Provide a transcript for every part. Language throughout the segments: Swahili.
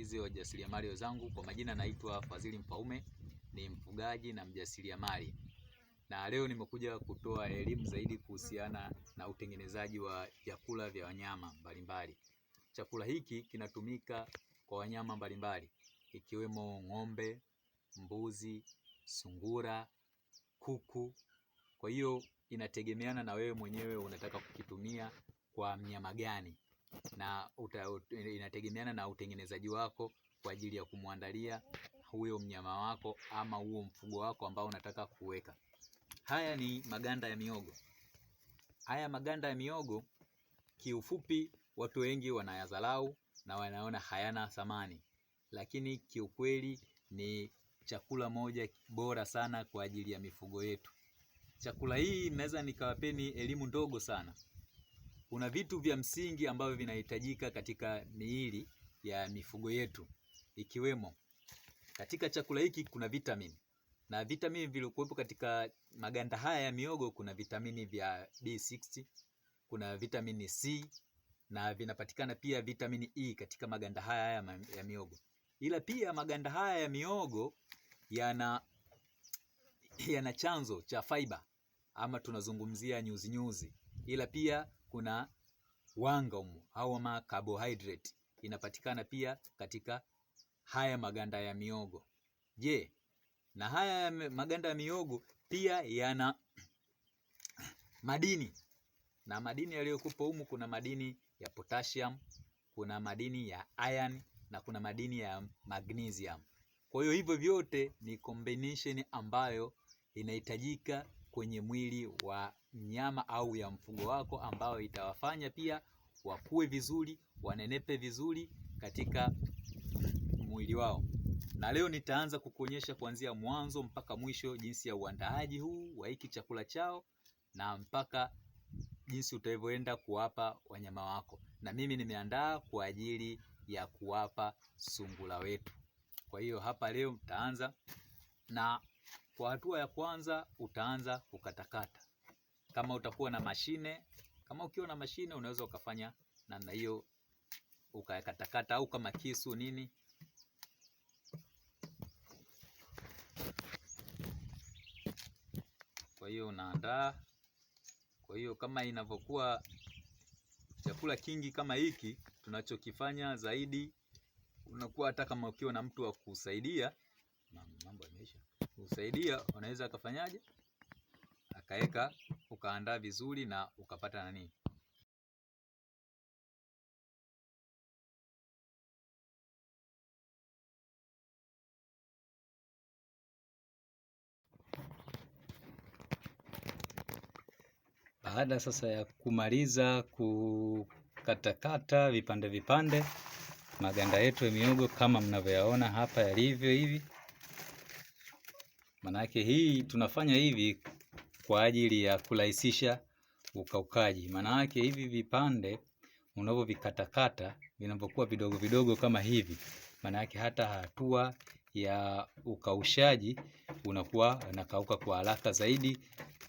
hizi wajasiriamali wenzangu, kwa majina naitwa Fadhili Mfaume, ni mfugaji na mjasiriamali, na leo nimekuja kutoa elimu zaidi kuhusiana na utengenezaji wa vyakula vya wanyama mbalimbali. Chakula hiki kinatumika kwa wanyama mbalimbali ikiwemo ng'ombe, mbuzi, sungura, kuku. Kwa hiyo inategemeana na wewe mwenyewe unataka kukitumia kwa mnyama gani na uta, inategemeana na utengenezaji wako kwa ajili ya kumwandalia huyo mnyama wako ama huo mfugo wako ambao unataka kuweka. Haya ni maganda ya miogo. Haya maganda ya miogo kiufupi, watu wengi wanayadharau na wanaona hayana thamani, lakini kiukweli ni chakula moja bora sana kwa ajili ya mifugo yetu. Chakula hii naweza nikawapeni elimu ndogo sana kuna vitu vya msingi ambavyo vinahitajika katika miili ya mifugo yetu, ikiwemo katika chakula hiki kuna vitamini na vitamini vilikuwepo katika maganda haya ya miogo. Kuna vitamini vya B6, kuna vitamini C na vinapatikana pia vitamini E katika maganda haya ya miogo, ila pia maganda haya ya miogo yana yana chanzo cha fiber ama tunazungumzia nyuzinyuzi, ila pia kuna wanga umu au carbohydrate inapatikana pia katika haya maganda ya miogo. Je, na haya maganda ya miogo pia yana madini na madini yaliyokupo humu, kuna madini ya potassium, kuna madini ya iron na kuna madini ya magnesium. Kwa hiyo hivyo vyote ni combination ambayo inahitajika kwenye mwili wa mnyama au ya mfugo wako ambayo itawafanya pia wakue vizuri, wanenepe vizuri katika mwili wao. Na leo nitaanza kukuonyesha kuanzia mwanzo mpaka mwisho jinsi ya uandaaji huu wa hiki chakula chao na mpaka jinsi utavyoenda kuwapa wanyama wako. Na mimi nimeandaa kwa ajili ya kuwapa sungura wetu. Kwa hiyo hapa leo mtaanza na kwa hatua ya kwanza utaanza kukatakata. Kama utakuwa na mashine, kama ukiwa na mashine unaweza ukafanya namna hiyo, ukayakatakata au kama kisu nini. Kwa hiyo unaandaa. Kwa hiyo kama inavyokuwa chakula kingi kama hiki, tunachokifanya zaidi unakuwa hata kama ukiwa na mtu wa kusaidia, mambo yameisha kusaidia, unaweza akafanyaje akaweka ukaandaa vizuri na ukapata nani Baada sasa ya kumaliza kukatakata vipande vipande maganda yetu ya mihogo kama mnavyoyaona hapa yalivyo hivi, manake hii tunafanya hivi kwa ajili ya kurahisisha ukaukaji. Maana yake hivi vipande unavyovikatakata vinapokuwa vidogo vidogo kama hivi, maana yake hata hatua ya ukaushaji unakuwa unakauka kwa haraka zaidi,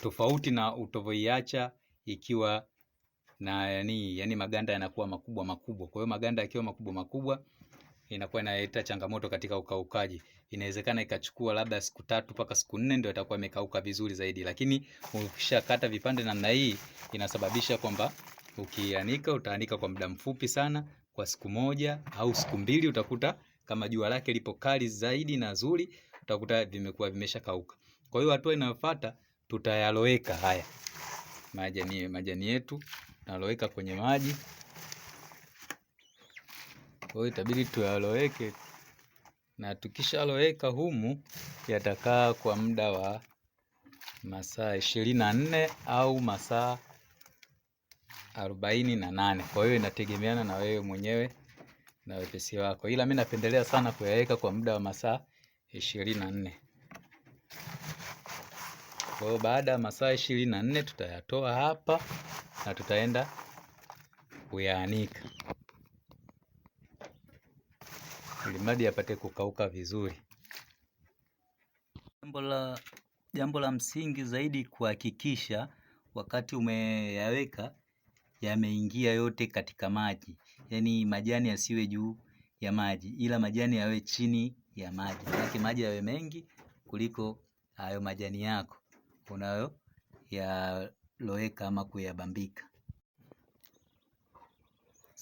tofauti na utovoiacha ikiwa na yani, yani maganda yanakuwa makubwa makubwa. Kwa hiyo maganda yakiwa makubwa makubwa inakuwa inaleta changamoto katika ukaukaji. Inawezekana ikachukua labda siku tatu mpaka siku nne ndio itakuwa imekauka vizuri zaidi, lakini ukishakata vipande namna hii inasababisha kwamba ukianika, utaanika kwa muda mfupi sana, kwa siku moja au siku mbili, utakuta kama jua lake lipo kali zaidi na zuri, utakuta vimekuwa vimeshakauka. Kwa hiyo hatua inayofuata tutayaloweka haya majani majani yetu, naloweka kwenye maji. Kwa hiyo itabidi tuyaloweke na tukishaloweka humu yatakaa kwa muda wa masaa ishirini na nne au masaa arobaini na nane. Kwa hiyo inategemeana na wewe mwenyewe na wepesi wako, ila mi napendelea sana kuyaweka kwa muda wa masaa ishirini na nne. Kwa hiyo baada ya masaa ishirini na nne tutayatoa hapa na tutaenda kuyaanika mradi apate kukauka vizuri. Jambo la, jambo la msingi zaidi kuhakikisha wakati umeyaweka yameingia yote katika maji, yaani majani yasiwe juu ya maji, ila majani yawe chini ya maji, maanake maji yawe mengi kuliko hayo majani yako unayo yaloweka ama kuyabambika.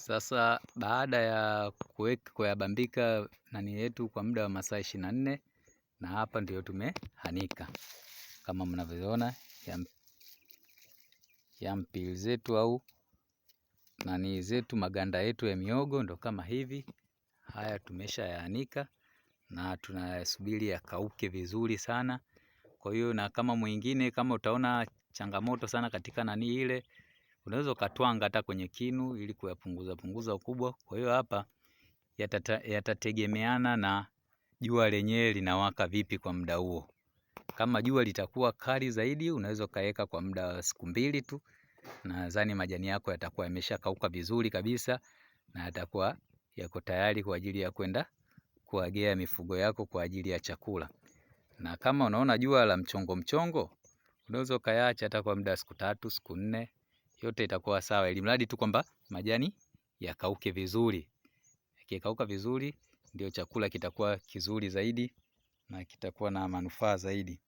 Sasa baada ya kuyabambika nani yetu kwa muda wa masaa ishirini na nne na hapa ndio tumeanika kama mnavyoona ya mpili zetu au nani zetu maganda yetu ya miogo ndo kama hivi. Haya tumesha yaanika na tunayasubiri yakauke vizuri sana. Kwa hiyo na kama mwingine, kama utaona changamoto sana katika nani ile Unaweza ukatwanga hata kwenye kinu ili kuyapunguza punguza ukubwa. Kwa hiyo hapa yatategemeana yata na jua lenyewe linawaka vipi kwa muda huo. Kama jua litakuwa kali zaidi, unaweza ukaweka kwa muda wa siku mbili tu, nadhani majani yako yatakuwa yameshakauka vizuri kabisa na yatakuwa yako tayari kwa ajili ya kwenda kuagea mifugo yako kwa ajili ya chakula. Na kama unaona jua la mchongo mchongo, unaweza ukayaacha hata kwa muda wa siku tatu, siku nne yote itakuwa sawa, ili mradi tu kwamba majani yakauke vizuri. Yakikauka vizuri, ndio chakula kitakuwa kizuri zaidi na kitakuwa na manufaa zaidi.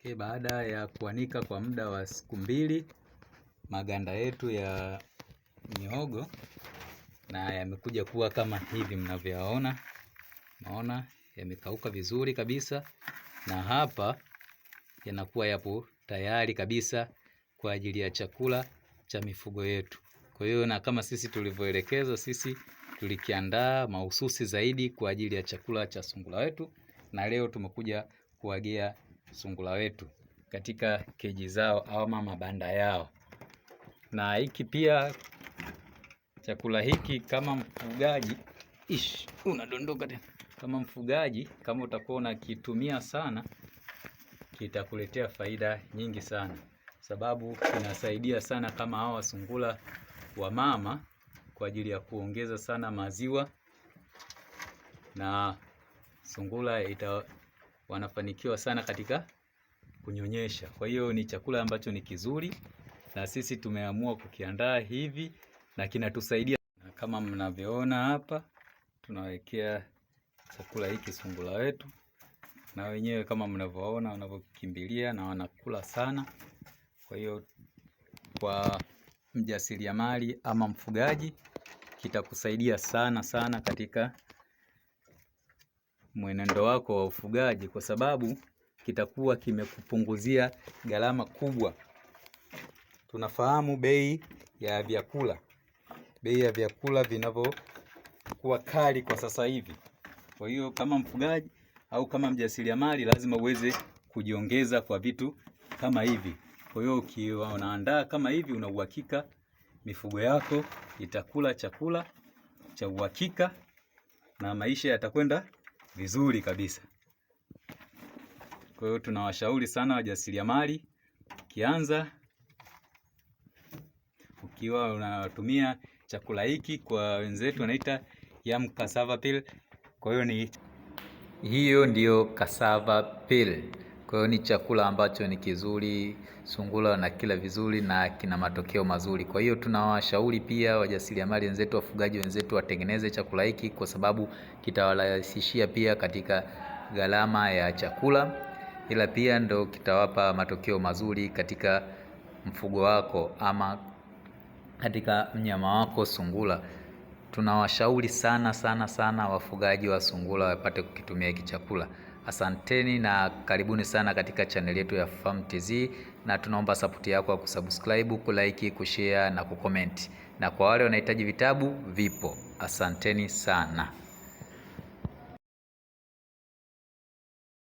Okay, baada ya kuanika kwa muda wa siku mbili maganda yetu ya mihogo na yamekuja kuwa kama hivi mnavyoyaona. Naona yamekauka vizuri kabisa, na hapa yanakuwa yapo tayari kabisa kwa ajili ya chakula cha mifugo yetu. Kwa hiyo na kama sisi tulivyoelekezwa, sisi tulikiandaa mahususi zaidi kwa ajili ya chakula cha sungura wetu, na leo tumekuja kuagia sungura wetu katika keji zao ama mabanda yao. Na hiki pia chakula hiki, kama mfugaji ish, unadondoka tena. Kama mfugaji, kama utakuwa unakitumia sana, kitakuletea faida nyingi sana sababu inasaidia sana kama hawa wasungula wa mama kwa ajili ya kuongeza sana maziwa na sungula ita, wanafanikiwa sana katika kunyonyesha. Kwa hiyo ni chakula ambacho ni kizuri, na sisi tumeamua kukiandaa hivi na kinatusaidia, kama mnavyoona hapa tunawekea chakula hiki sungula wetu, na wenyewe kama mnavyoona wanavyokimbilia na wanakula sana. Kwa hiyo kwa mjasiriamali ama mfugaji kitakusaidia sana sana katika mwenendo wako wa ufugaji kwa sababu kitakuwa kimekupunguzia gharama kubwa. Tunafahamu bei ya vyakula. Bei ya vyakula vinavyokuwa kali kwa sasa hivi. Kwa hiyo kama mfugaji au kama mjasiriamali lazima uweze kujiongeza kwa vitu kama hivi. Kwa hiyo ukiwa unaandaa kama hivi, una uhakika mifugo yako itakula chakula cha uhakika na maisha yatakwenda vizuri kabisa. Kwa hiyo tunawashauri sana wajasiriamali, ukianza ukiwa unatumia chakula hiki, kwa wenzetu wanaita yam cassava peel. Kwa hiyo ni hiyo ndiyo cassava peel. Kwa hiyo ni chakula ambacho ni kizuri, sungura kila vizuri na kina matokeo mazuri. Kwa hiyo tunawashauri pia wajasiriamali wenzetu, wafugaji wenzetu watengeneze chakula hiki kwa sababu kitawarahisishia pia katika gharama ya chakula ila pia ndo kitawapa matokeo mazuri katika mfugo wako ama katika mnyama wako sungura. Tunawashauri sana sana sana wafugaji wa sungura wapate kukitumia hiki chakula. Asanteni na karibuni sana katika chaneli yetu ya Farm TZ, na tunaomba sapoti yako ya kusubscribe, kulike, kushare na kukomenti, na kwa wale wanahitaji vitabu vipo. Asanteni sana.